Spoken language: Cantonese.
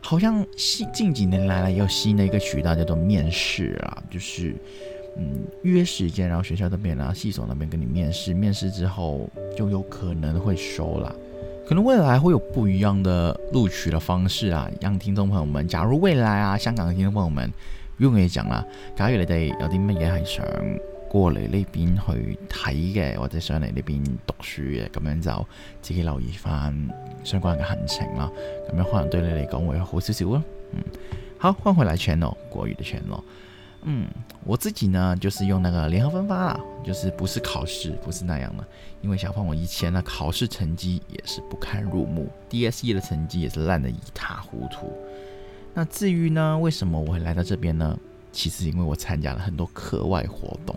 好像近幾年來了也有新的一個渠道叫做面試啊，就是，嗯約時間，然後學校這邊然、啊、後系統那邊跟你面試，面試之後就有可能會收啦，可能未來會有不一樣的錄取的方式啊，讓聽眾朋友們，假如未來啊香港的聽眾朋友們，用給講啦，假如你哋有啲乜嘢係想。過嚟呢邊去睇嘅，或者上嚟呢邊讀書嘅，咁樣就自己留意翻相關嘅行程啦。咁樣可能對你嚟講會好少少咯。嗯，好，換回來 channel，國語的 channel。嗯，我自己呢，就是用那個聯合分發啦，就是不是考試，不是那樣嘅。因為小胖，我以前呢考試成績也是不堪入目，DSE 的成績也是爛得一塌糊塗。那至於呢，為什麼我會來到這邊呢？其實因為我參加了很多課外活動。